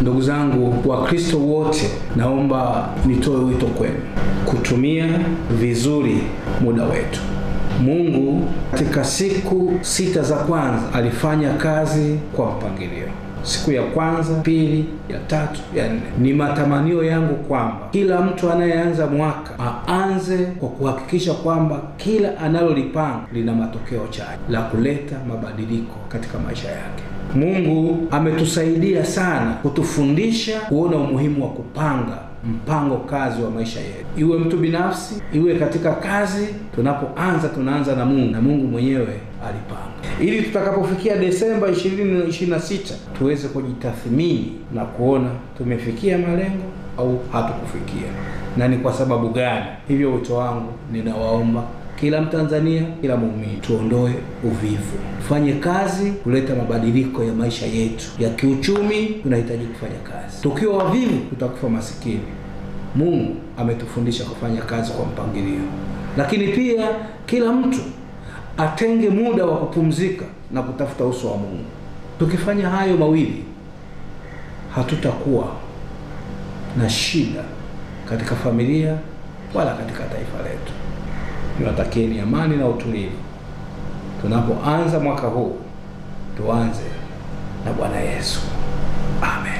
Ndugu zangu Wakristo wote, naomba nitoe wito kwenu kutumia vizuri muda wetu. Mungu katika siku sita za kwanza alifanya kazi kwa mpangilio. Siku ya kwanza, pili, ya tatu, ya nne. Ni matamanio yangu kwamba kila mtu anayeanza mwaka aanze kwa kuhakikisha kwamba kila analolipanga lina matokeo chanya la kuleta mabadiliko katika maisha yake. Mungu ametusaidia sana kutufundisha kuona umuhimu wa kupanga mpango kazi wa maisha yetu, iwe mtu binafsi, iwe katika kazi. Tunapoanza tunaanza na Mungu, na Mungu mwenyewe alipanga, ili tutakapofikia Desemba 2026 tuweze kujitathmini na kuona tumefikia malengo au hatukufikia, na ni kwa sababu gani. Hivyo wito wangu ninawaomba kila Mtanzania, kila muumini, tuondoe uvivu, tufanye kazi kuleta mabadiliko ya maisha yetu ya kiuchumi. Tunahitaji kufanya kazi, tukiwa wavivu tutakufa masikini. Mungu ametufundisha kufanya kazi kwa mpangilio, lakini pia kila mtu atenge muda wa kupumzika na kutafuta uso wa Mungu. Tukifanya hayo mawili, hatutakuwa na shida katika familia wala katika taifa letu niwatakieni amani na utulivu. Tunapoanza mwaka huu tuanze na Bwana Yesu. Amen.